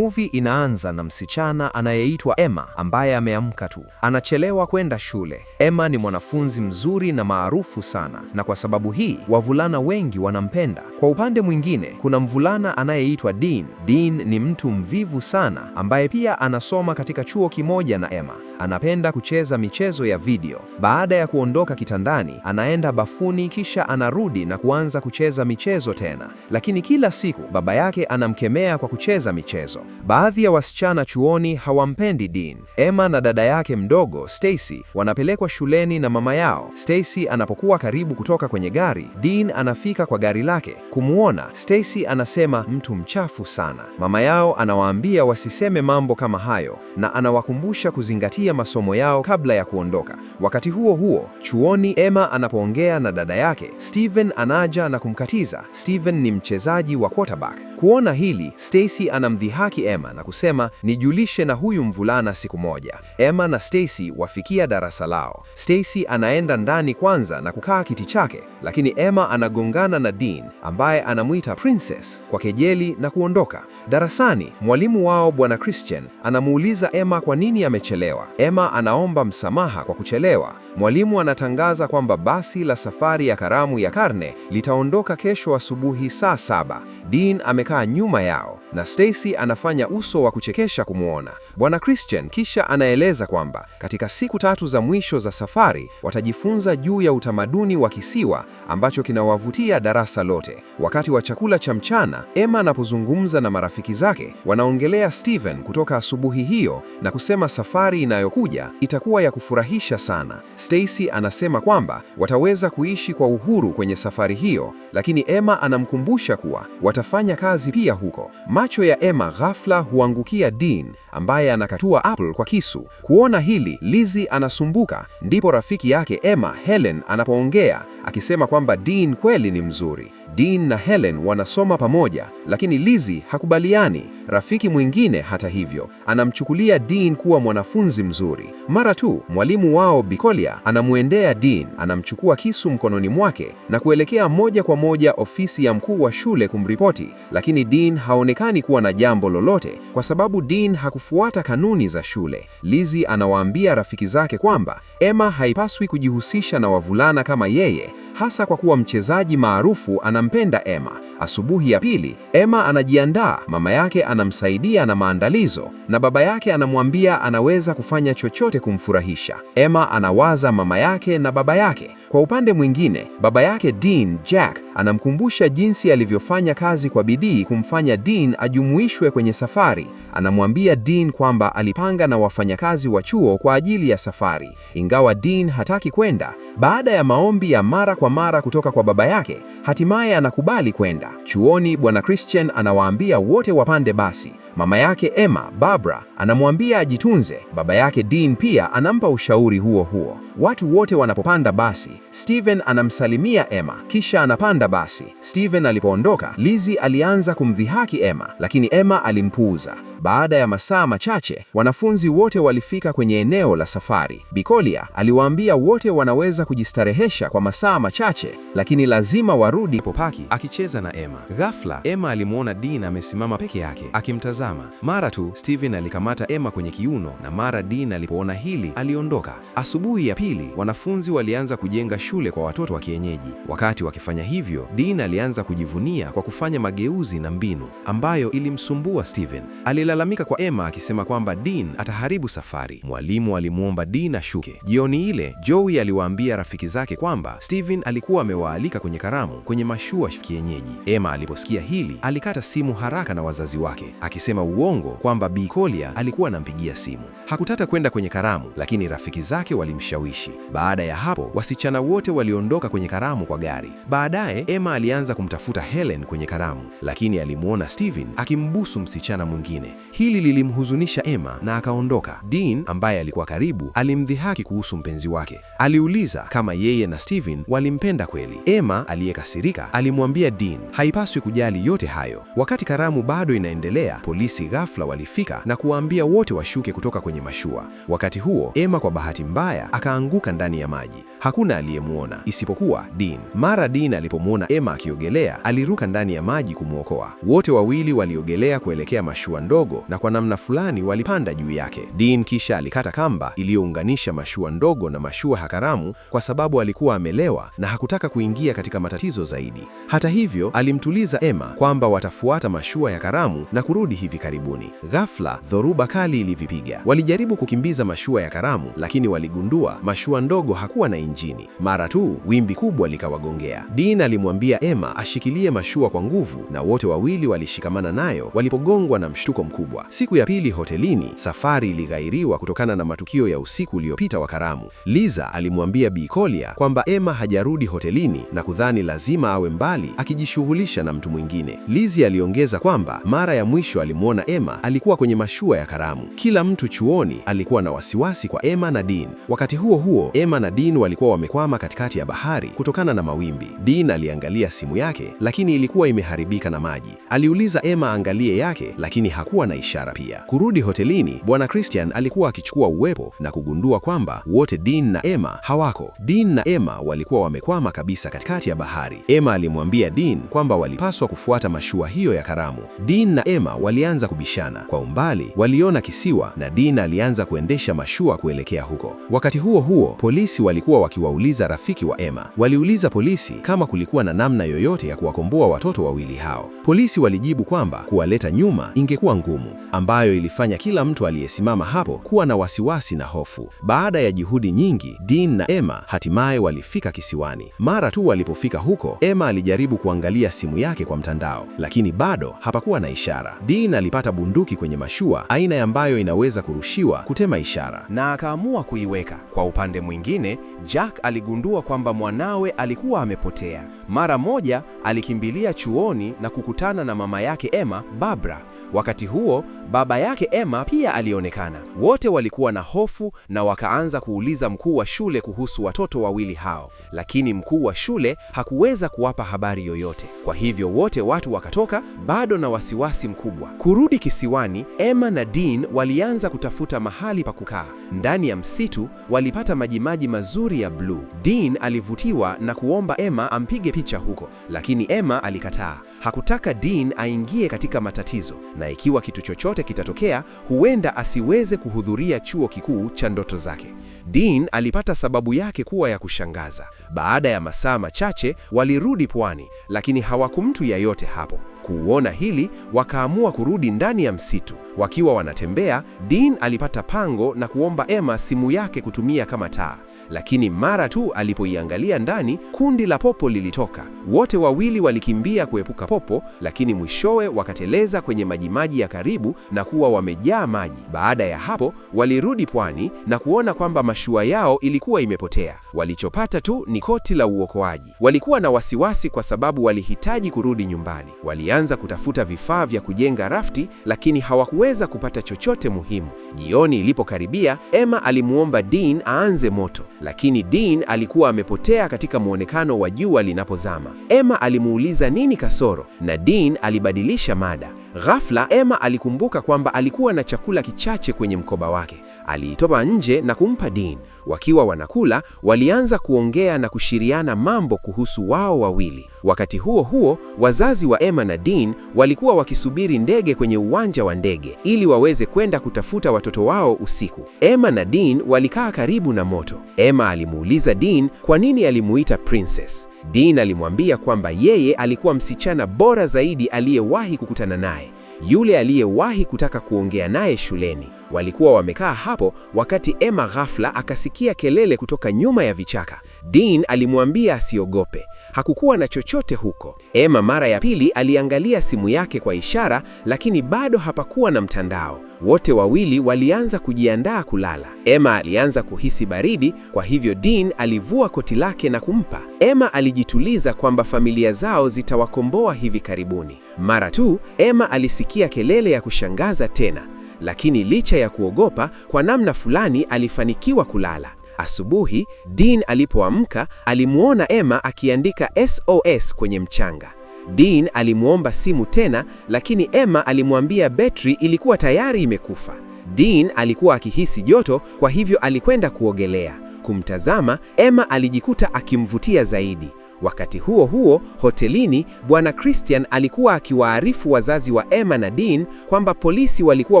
Movie inaanza na msichana anayeitwa Emma ambaye ameamka tu, anachelewa kwenda shule. Emma ni mwanafunzi mzuri na maarufu sana, na kwa sababu hii wavulana wengi wanampenda. Kwa upande mwingine, kuna mvulana anayeitwa Dean. Dean ni mtu mvivu sana ambaye pia anasoma katika chuo kimoja na Emma. Anapenda kucheza michezo ya video. Baada ya kuondoka kitandani, anaenda bafuni kisha anarudi na kuanza kucheza michezo tena. Lakini kila siku baba yake anamkemea kwa kucheza michezo. Baadhi ya wasichana chuoni hawampendi Dean. Emma na dada yake mdogo Stacy wanapelekwa shuleni na mama yao. Stacy anapokuwa karibu kutoka kwenye gari, Dean anafika kwa gari lake. Kumwona Stacy anasema mtu mchafu sana. Mama yao anawaambia wasiseme mambo kama hayo na anawakumbusha kuzingatia masomo yao kabla ya kuondoka. Wakati huo huo, chuoni Emma anapoongea na dada yake, Steven anaja na kumkatiza. Steven ni mchezaji wa quarterback. Kuona hili, Stacy anamdhihaki kumlaki Emma na kusema nijulishe na huyu mvulana siku moja. Emma na Stacy wafikia darasa lao. Stacy anaenda ndani kwanza na kukaa kiti chake, lakini Emma anagongana na Dean ambaye anamwita princess kwa kejeli na kuondoka. Darasani, mwalimu wao Bwana Christian anamuuliza Emma kwa nini amechelewa. Emma anaomba msamaha kwa kuchelewa mwalimu anatangaza kwamba basi la safari ya Karamu ya Karne litaondoka kesho asubuhi saa saba. Dean amekaa nyuma yao na Stacy anafanya uso wa kuchekesha kumwona Bwana Christian, kisha anaeleza kwamba katika siku tatu za mwisho za safari watajifunza juu ya utamaduni wa kisiwa ambacho kinawavutia darasa lote. Wakati wa chakula cha mchana, Emma anapozungumza na marafiki zake, wanaongelea Steven kutoka asubuhi hiyo na kusema safari inayokuja itakuwa ya kufurahisha sana. Stacy anasema kwamba wataweza kuishi kwa uhuru kwenye safari hiyo, lakini Emma anamkumbusha kuwa watafanya kazi pia huko. Macho ya Emma ghafla huangukia Dean ambaye anakatua apple kwa kisu. Kuona hili, Lizzie anasumbuka, ndipo rafiki yake Emma Helen anapoongea akisema kwamba Dean kweli ni mzuri. Dean na Helen wanasoma pamoja, lakini Lizzie hakubaliani. Rafiki mwingine hata hivyo anamchukulia Dean kuwa mwanafunzi mzuri. Mara tu mwalimu wao Bikolia anamwendea Dean, anamchukua kisu mkononi mwake na kuelekea moja kwa moja ofisi ya mkuu wa shule kumripoti, lakini Dean haonekani kuwa na jambo lolote kwa sababu Dean hakufuata kanuni za shule. Lizzie anawaambia rafiki zake kwamba Emma haipaswi kujihusisha na wavulana kama yeye, hasa kwa kuwa mchezaji maarufu ana anampenda Emma. Asubuhi ya pili, Emma anajiandaa, mama yake anamsaidia na maandalizo, na baba yake anamwambia anaweza kufanya chochote kumfurahisha. Emma anawaza mama yake na baba yake. Kwa upande mwingine, baba yake Dean Jack Anamkumbusha jinsi alivyofanya kazi kwa bidii kumfanya Dean ajumuishwe kwenye safari. Anamwambia Dean kwamba alipanga na wafanyakazi wa chuo kwa ajili ya safari, ingawa Dean hataki kwenda. Baada ya maombi ya mara kwa mara kutoka kwa baba yake, hatimaye anakubali kwenda. Chuoni, Bwana Christian anawaambia wote wapande basi. Mama yake Emma, Barbara, anamwambia ajitunze. Baba yake Dean pia anampa ushauri huo huo. Watu wote wanapopanda basi, Steven anamsalimia Emma kisha anapanda basi. Steven alipoondoka, Lizzy alianza kumdhihaki Emma, lakini Emma alimpuuza. Baada ya masaa machache, wanafunzi wote walifika kwenye eneo la safari. Bikolia aliwaambia wote wanaweza kujistarehesha kwa masaa machache, lakini lazima warudi popaki akicheza na Emma. Ghafla Emma alimwona Dean amesimama peke yake akimtazama. Mara tu Steven alikamata Emma kwenye kiuno, na mara Dean alipoona hili aliondoka. Asubuhi ya pili, wanafunzi walianza kujenga shule kwa watoto wa kienyeji. Wakati wakifanya hivi hivyo, Dean alianza kujivunia kwa kufanya mageuzi na mbinu ambayo ilimsumbua Steven. Alilalamika kwa Emma akisema kwamba Dean ataharibu safari. Mwalimu alimwomba Dean ashuke. Jioni ile, Joey aliwaambia rafiki zake kwamba Steven alikuwa amewaalika kwenye karamu kwenye mashua kienyeji. Emma aliposikia hili, alikata simu haraka na wazazi wake, akisema uongo kwamba Bi Kolya alikuwa anampigia simu. hakutata kwenda kwenye karamu, lakini rafiki zake walimshawishi. Baada ya hapo, wasichana wote waliondoka kwenye karamu kwa gari. Baadaye Emma alianza kumtafuta Helen kwenye karamu, lakini alimwona Steven akimbusu msichana mwingine. Hili lilimhuzunisha Emma na akaondoka. Dean ambaye alikuwa karibu alimdhihaki kuhusu mpenzi wake. Aliuliza kama yeye na Steven walimpenda kweli. Emma aliyekasirika alimwambia Dean haipaswi kujali yote hayo. Wakati karamu bado inaendelea, polisi ghafla walifika na kuwaambia wote washuke kutoka kwenye mashua. Wakati huo, Emma kwa bahati mbaya akaanguka ndani ya maji. Hakuna aliyemwona isipokuwa Dean. Mara Dean alipomwona alipomwona Emma akiogelea, aliruka ndani ya maji kumwokoa. Wote wawili waliogelea kuelekea mashua ndogo, na kwa namna fulani walipanda juu yake. Dean kisha alikata kamba iliyounganisha mashua ndogo na mashua Hakaramu kwa sababu alikuwa amelewa na hakutaka kuingia katika matatizo zaidi. Hata hivyo, alimtuliza Emma kwamba watafuata mashua ya Karamu na kurudi hivi karibuni. Ghafla, dhoruba kali ilivipiga. Walijaribu kukimbiza mashua ya Karamu, lakini waligundua mashua ndogo hakuwa na injini. Mara tu wimbi kubwa likawagongea. Dean alimwambia Emma ashikilie mashua kwa nguvu, na wote wawili walishikamana nayo walipogongwa na mshtuko mkubwa. Siku ya pili hotelini, safari ilighairiwa kutokana na matukio ya usiku uliopita wa Karamu. Liza alimwambia Bi Kolia kwamba Emma hajarudi hotelini na kudhani lazima awe mbali akijishughulisha na mtu mwingine. Lizi aliongeza kwamba mara ya mwisho alimwona Emma alikuwa kwenye mashua ya Karamu. Kila mtu chuoni alikuwa na wasiwasi kwa Emma na Dean. Wakati huo huo, Emma na Dean walikuwa wamekwama katikati ya bahari kutokana na mawimbi. Dean ali aliangalia simu yake, lakini ilikuwa imeharibika na maji. Aliuliza Emma angalie yake, lakini hakuwa na ishara pia. Kurudi hotelini, bwana Christian alikuwa akichukua uwepo na kugundua kwamba wote Dean na Emma hawako. Dean na Emma walikuwa wamekwama kabisa katikati ya bahari. Emma alimwambia Dean kwamba walipaswa kufuata mashua hiyo ya karamu. Dean na Emma walianza kubishana. Kwa umbali waliona kisiwa na Dean alianza kuendesha mashua kuelekea huko. Wakati huo huo, polisi walikuwa wakiwauliza rafiki wa Emma. Waliuliza polisi kama kulikuwa hakukuwa na namna yoyote ya kuwakomboa watoto wawili hao. Polisi walijibu kwamba kuwaleta nyuma ingekuwa ngumu, ambayo ilifanya kila mtu aliyesimama hapo kuwa na wasiwasi na hofu. Baada ya juhudi nyingi, Dean na Emma hatimaye walifika kisiwani. Mara tu walipofika huko, Emma alijaribu kuangalia simu yake kwa mtandao, lakini bado hapakuwa na ishara. Dean alipata bunduki kwenye mashua, aina ambayo inaweza kurushiwa kutema ishara, na akaamua kuiweka. Kwa upande mwingine, Jack aligundua kwamba mwanawe alikuwa amepotea. Mara moja alikimbilia chuoni na kukutana na mama yake Emma, Barbara. Wakati huo baba yake Emma pia alionekana. Wote walikuwa na hofu na wakaanza kuuliza mkuu wa shule kuhusu watoto wawili hao, lakini mkuu wa shule hakuweza kuwapa habari yoyote. Kwa hivyo wote watu wakatoka bado na wasiwasi mkubwa. Kurudi kisiwani, Emma na Dean walianza kutafuta mahali pa kukaa. Ndani ya msitu walipata majimaji mazuri ya bluu. Dean alivutiwa na kuomba Emma ampige picha huko, lakini Emma alikataa. Hakutaka Dean aingie katika matatizo, na ikiwa kitu chochote kitatokea, huenda asiweze kuhudhuria chuo kikuu cha ndoto zake. Dean alipata sababu yake kuwa ya kushangaza. Baada ya masaa machache walirudi pwani, lakini hawakumtu yeyote hapo. Kuona hili wakaamua kurudi ndani ya msitu. Wakiwa wanatembea, Dean alipata pango na kuomba Emma simu yake kutumia kama taa lakini mara tu alipoiangalia ndani, kundi la popo lilitoka. Wote wawili walikimbia kuepuka popo, lakini mwishowe wakateleza kwenye majimaji ya karibu na kuwa wamejaa maji. Baada ya hapo, walirudi pwani na kuona kwamba mashua yao ilikuwa imepotea. Walichopata tu ni koti la uokoaji. Walikuwa na wasiwasi kwa sababu walihitaji kurudi nyumbani. Walianza kutafuta vifaa vya kujenga rafti, lakini hawakuweza kupata chochote muhimu. Jioni ilipokaribia, Emma alimuomba Dean aanze moto lakini Dean alikuwa amepotea katika muonekano wa jua linapozama. Emma alimuuliza nini kasoro, na Dean alibadilisha mada. Ghafla Emma alikumbuka kwamba alikuwa na chakula kichache kwenye mkoba wake aliitoa nje na kumpa Dean. Wakiwa wanakula, walianza kuongea na kushiriana mambo kuhusu wao wawili. Wakati huo huo, wazazi wa Emma na Dean walikuwa wakisubiri ndege kwenye uwanja wa ndege ili waweze kwenda kutafuta watoto wao usiku. Emma na Dean walikaa karibu na moto. Emma alimuuliza Dean kwa nini alimuita princess. Dean alimwambia kwamba yeye alikuwa msichana bora zaidi aliyewahi kukutana naye yule aliyewahi kutaka kuongea naye shuleni. Walikuwa wamekaa hapo wakati Emma ghafla akasikia kelele kutoka nyuma ya vichaka. Dean alimwambia asiogope, Hakukuwa na chochote huko. Emma mara ya pili aliangalia simu yake kwa ishara, lakini bado hapakuwa na mtandao. Wote wawili walianza kujiandaa kulala. Emma alianza kuhisi baridi, kwa hivyo Dean alivua koti lake na kumpa. Emma alijituliza kwamba familia zao zitawakomboa hivi karibuni. Mara tu Emma alisikia kelele ya kushangaza tena, lakini licha ya kuogopa, kwa namna fulani alifanikiwa kulala. Asubuhi Dean alipoamka alimwona Emma akiandika SOS kwenye mchanga. Dean alimwomba simu tena, lakini Emma alimwambia betri ilikuwa tayari imekufa. Dean alikuwa akihisi joto, kwa hivyo alikwenda kuogelea. Kumtazama Emma alijikuta akimvutia zaidi. Wakati huo huo, hotelini, Bwana Christian alikuwa akiwaarifu wazazi wa Emma na Dean kwamba polisi walikuwa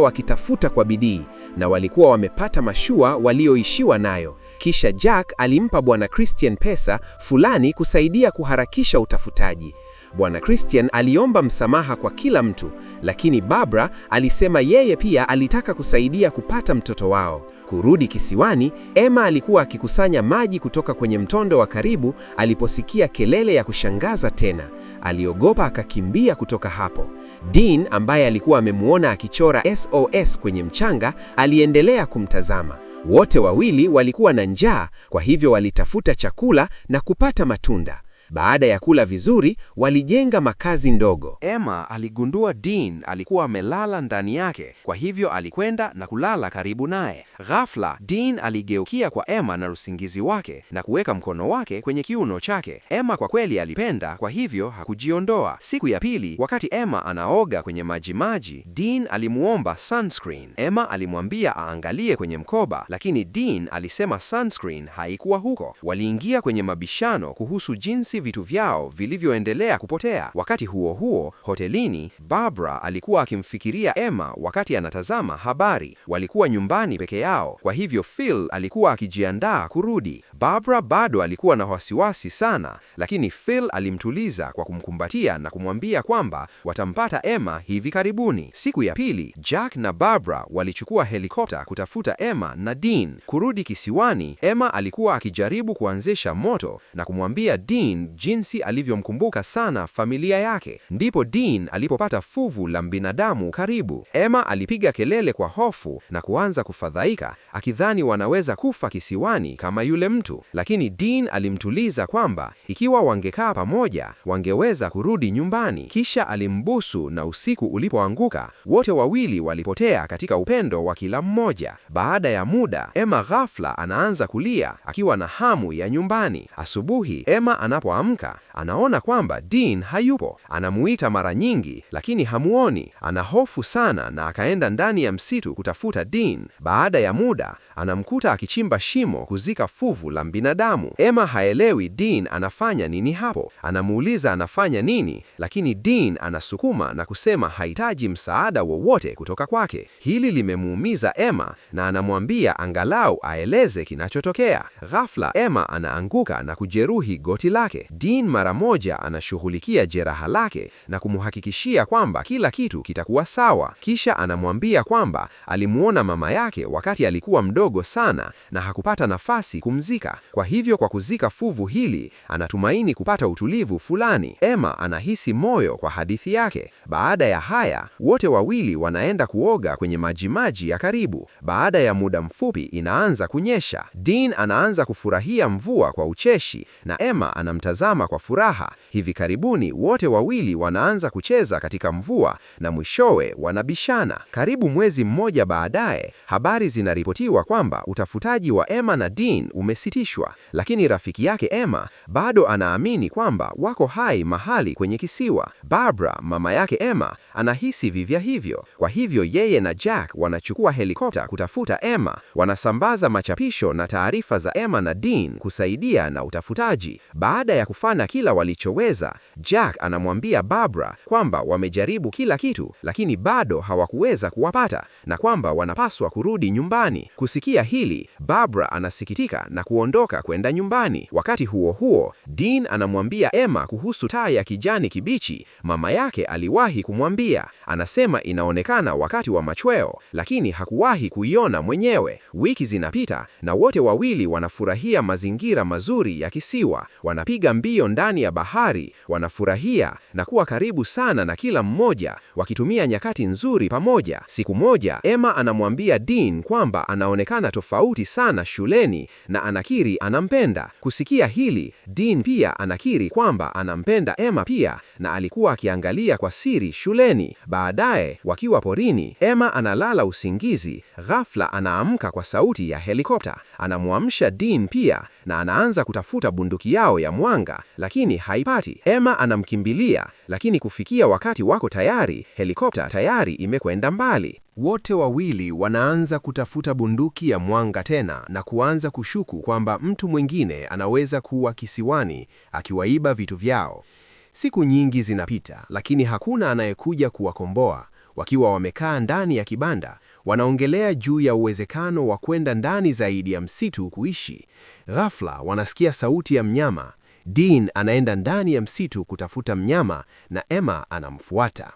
wakitafuta kwa bidii na walikuwa wamepata mashua walioishiwa nayo. Kisha Jack alimpa Bwana Christian pesa fulani kusaidia kuharakisha utafutaji. Bwana Christian aliomba msamaha kwa kila mtu, lakini Barbara alisema yeye pia alitaka kusaidia kupata mtoto wao. Kurudi kisiwani, Emma alikuwa akikusanya maji kutoka kwenye mtondo wa karibu aliposikia kelele ya kushangaza tena. Aliogopa akakimbia kutoka hapo. Dean ambaye alikuwa amemwona akichora SOS kwenye mchanga, aliendelea kumtazama. Wote wawili walikuwa na njaa, kwa hivyo walitafuta chakula na kupata matunda. Baada ya kula vizuri, walijenga makazi ndogo. Emma aligundua Dean alikuwa amelala ndani yake, kwa hivyo alikwenda na kulala karibu naye. Ghafla, Dean aligeukia kwa Emma na usingizi wake na kuweka mkono wake kwenye kiuno chake. Emma kwa kweli alipenda, kwa hivyo hakujiondoa. Siku ya pili, wakati Emma anaoga kwenye maji maji, Dean alimuomba sunscreen. Emma alimwambia aangalie kwenye mkoba, lakini Dean alisema sunscreen haikuwa huko. Waliingia kwenye mabishano kuhusu jinsi vitu vyao vilivyoendelea kupotea. Wakati huo huo, hotelini, Barbara alikuwa akimfikiria Emma wakati anatazama habari. Walikuwa nyumbani peke yao, kwa hivyo Phil alikuwa akijiandaa kurudi. Barbara bado alikuwa na wasiwasi sana, lakini Phil alimtuliza kwa kumkumbatia na kumwambia kwamba watampata Emma hivi karibuni. Siku ya pili, Jack na Barbara walichukua helikopta kutafuta Emma na Dean. Kurudi kisiwani, Emma alikuwa akijaribu kuanzisha moto na kumwambia Dean jinsi alivyomkumbuka sana familia yake. Ndipo Dean alipopata fuvu la binadamu karibu. Emma alipiga kelele kwa hofu na kuanza kufadhaika, akidhani wanaweza kufa kisiwani kama yule mtu tatu, lakini Dean alimtuliza kwamba ikiwa wangekaa pamoja wangeweza kurudi nyumbani. Kisha alimbusu na usiku ulipoanguka, wote wawili walipotea katika upendo wa kila mmoja. Baada ya muda, Emma ghafla anaanza kulia akiwa na hamu ya nyumbani. Asubuhi Emma anapoamka, anaona kwamba Dean hayupo. Anamuita mara nyingi, lakini hamuoni. Ana hofu sana na akaenda ndani ya msitu kutafuta Dean. Baada ya muda, anamkuta akichimba shimo kuzika fuvu la la binadamu. Emma haelewi Dean anafanya nini hapo. Anamuuliza anafanya nini, lakini Dean anasukuma na kusema hahitaji msaada wowote kutoka kwake. Hili limemuumiza Emma na anamwambia angalau aeleze kinachotokea. Ghafla Emma anaanguka na kujeruhi goti lake. Dean mara moja anashughulikia jeraha lake na kumuhakikishia kwamba kila kitu kitakuwa sawa. Kisha anamwambia kwamba alimuona mama yake wakati alikuwa mdogo sana na hakupata nafasi kumzika kuzika. Kwa hivyo, kwa kuzika fuvu hili, anatumaini kupata utulivu fulani. Emma anahisi moyo kwa hadithi yake. Baada ya haya, wote wawili wanaenda kuoga kwenye majimaji ya karibu. Baada ya muda mfupi, inaanza kunyesha. Dean anaanza kufurahia mvua kwa ucheshi na Emma anamtazama kwa furaha. Hivi karibuni, wote wawili wanaanza kucheza katika mvua na mwishowe wanabishana. Karibu mwezi mmoja baadaye, habari zinaripotiwa kwamba utafutaji wa Emma na Dean umesitika wamehakikishwa, lakini rafiki yake Emma bado anaamini kwamba wako hai mahali kwenye kisiwa. Barbara, mama yake Emma, anahisi vivya hivyo. Kwa hivyo yeye na Jack wanachukua helikopta kutafuta Emma. Wanasambaza machapisho na taarifa za Emma na Dean kusaidia na utafutaji. Baada ya kufanya kila walichoweza, Jack anamwambia Barbara kwamba wamejaribu kila kitu, lakini bado hawakuweza kuwapata na kwamba wanapaswa kurudi nyumbani. Kusikia hili, Barbara anasikitika na ku kuondoka kwenda nyumbani. Wakati huo huo, Dean anamwambia Emma kuhusu taa ya kijani kibichi mama yake aliwahi kumwambia. Anasema inaonekana wakati wa machweo, lakini hakuwahi kuiona mwenyewe. Wiki zinapita na wote wawili wanafurahia mazingira mazuri ya kisiwa, wanapiga mbio ndani ya bahari, wanafurahia na kuwa karibu sana na kila mmoja, wakitumia nyakati nzuri pamoja. Siku moja, Emma anamwambia Dean kwamba anaonekana tofauti sana shuleni na ana anakiri anampenda. Kusikia hili, Dean pia anakiri kwamba anampenda Emma pia na alikuwa akiangalia kwa siri shuleni. Baadaye, wakiwa porini, Emma analala usingizi, ghafla anaamka kwa sauti ya helikopta. Anamwamsha Dean pia na anaanza kutafuta bunduki yao ya mwanga, lakini haipati. Emma anamkimbilia, lakini kufikia wakati wako tayari, helikopta tayari imekwenda mbali. Wote wawili wanaanza kutafuta bunduki ya mwanga tena na kuanza kushuku kwamba mtu mwingine anaweza kuwa kisiwani akiwaiba vitu vyao. Siku nyingi zinapita, lakini hakuna anayekuja kuwakomboa. Wakiwa wamekaa ndani ya kibanda, wanaongelea juu ya uwezekano wa kwenda ndani zaidi ya msitu kuishi. Ghafla wanasikia sauti ya mnyama. Dean anaenda ndani ya msitu kutafuta mnyama na Emma anamfuata.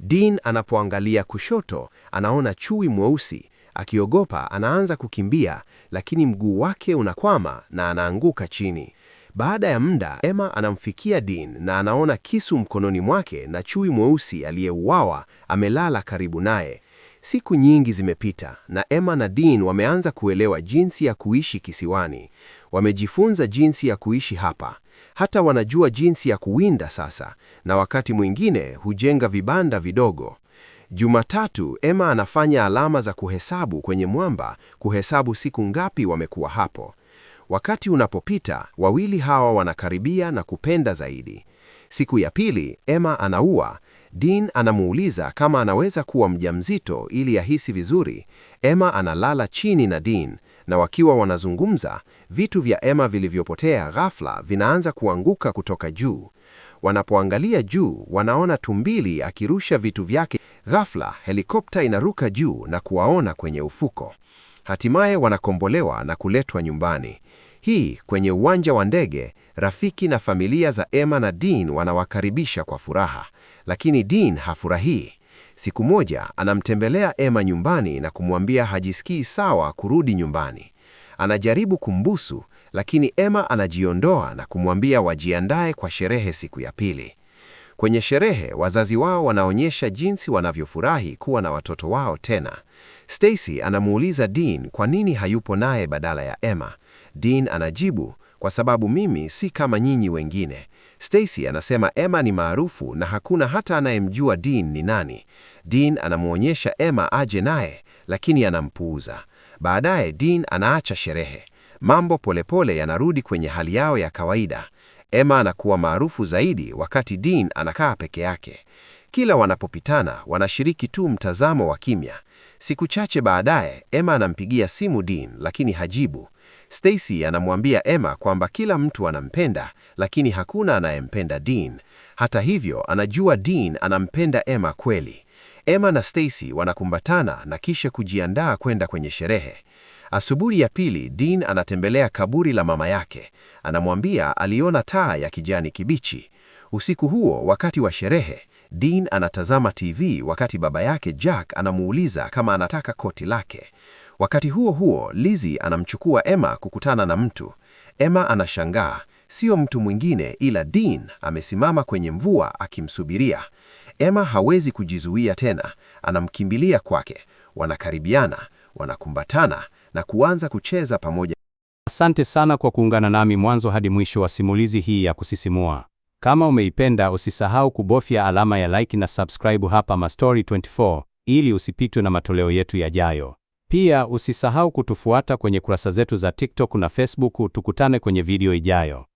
Dean anapoangalia kushoto, anaona chui mweusi. Akiogopa, anaanza kukimbia, lakini mguu wake unakwama na anaanguka chini. Baada ya muda, Emma anamfikia Dean na anaona kisu mkononi mwake na chui mweusi aliyeuawa amelala karibu naye. Siku nyingi zimepita na Emma na Dean wameanza kuelewa jinsi ya kuishi kisiwani. Wamejifunza jinsi ya kuishi hapa. Hata wanajua jinsi ya kuwinda sasa, na wakati mwingine hujenga vibanda vidogo. Jumatatu Emma anafanya alama za kuhesabu kwenye mwamba, kuhesabu siku ngapi wamekuwa hapo. Wakati unapopita, wawili hawa wanakaribia na kupenda zaidi. Siku ya pili Emma anaua. Dean anamuuliza kama anaweza kuwa mjamzito ili ahisi vizuri. Emma analala chini na Dean na wakiwa wanazungumza, vitu vya Emma vilivyopotea ghafla vinaanza kuanguka kutoka juu. Wanapoangalia juu, wanaona tumbili akirusha vitu vyake. Ghafla helikopta inaruka juu na kuwaona kwenye ufuko. Hatimaye wanakombolewa na kuletwa nyumbani. Hii kwenye uwanja wa ndege, rafiki na familia za Emma na Dean wanawakaribisha kwa furaha, lakini Dean hafurahii. Siku moja anamtembelea Emma nyumbani na kumwambia hajisikii sawa kurudi nyumbani. Anajaribu kumbusu, lakini Emma anajiondoa na kumwambia wajiandae kwa sherehe siku ya pili. Kwenye sherehe, wazazi wao wanaonyesha jinsi wanavyofurahi kuwa na watoto wao tena. Stacy anamuuliza Dean kwa nini hayupo naye badala ya Emma. Dean anajibu, kwa sababu mimi si kama nyinyi wengine. Stacy anasema Emma ni maarufu na hakuna hata anayemjua Dean ni nani. Dean anamwonyesha Emma aje naye, lakini anampuuza. Baadaye Dean anaacha sherehe. Mambo polepole yanarudi kwenye hali yao ya kawaida. Emma anakuwa maarufu zaidi wakati Dean anakaa peke yake. Kila wanapopitana wanashiriki tu mtazamo wa kimya. Siku chache baadaye, Emma anampigia simu Dean lakini hajibu. Stacy anamwambia Emma kwamba kila mtu anampenda lakini hakuna anayempenda Dean. Hata hivyo, anajua Dean anampenda Emma kweli. Emma na Stacy wanakumbatana na kisha kujiandaa kwenda kwenye sherehe. Asubuhi ya pili, Dean anatembelea kaburi la mama yake. Anamwambia aliona taa ya kijani kibichi. Usiku huo wakati wa sherehe, Dean anatazama TV wakati baba yake Jack anamuuliza kama anataka koti lake. Wakati huo huo, Lizzie anamchukua Emma kukutana na mtu. Emma anashangaa, sio mtu mwingine ila Dean amesimama kwenye mvua akimsubiria. Emma hawezi kujizuia tena, anamkimbilia kwake. Wanakaribiana, wanakumbatana na kuanza kucheza pamoja. Asante sana kwa kuungana nami mwanzo hadi mwisho wa simulizi hii ya kusisimua. Kama umeipenda usisahau kubofya alama ya like na subscribe hapa Mastori24 ili usipitwe na matoleo yetu yajayo. Pia usisahau kutufuata kwenye kurasa zetu za TikTok na Facebook. Tukutane kwenye video ijayo.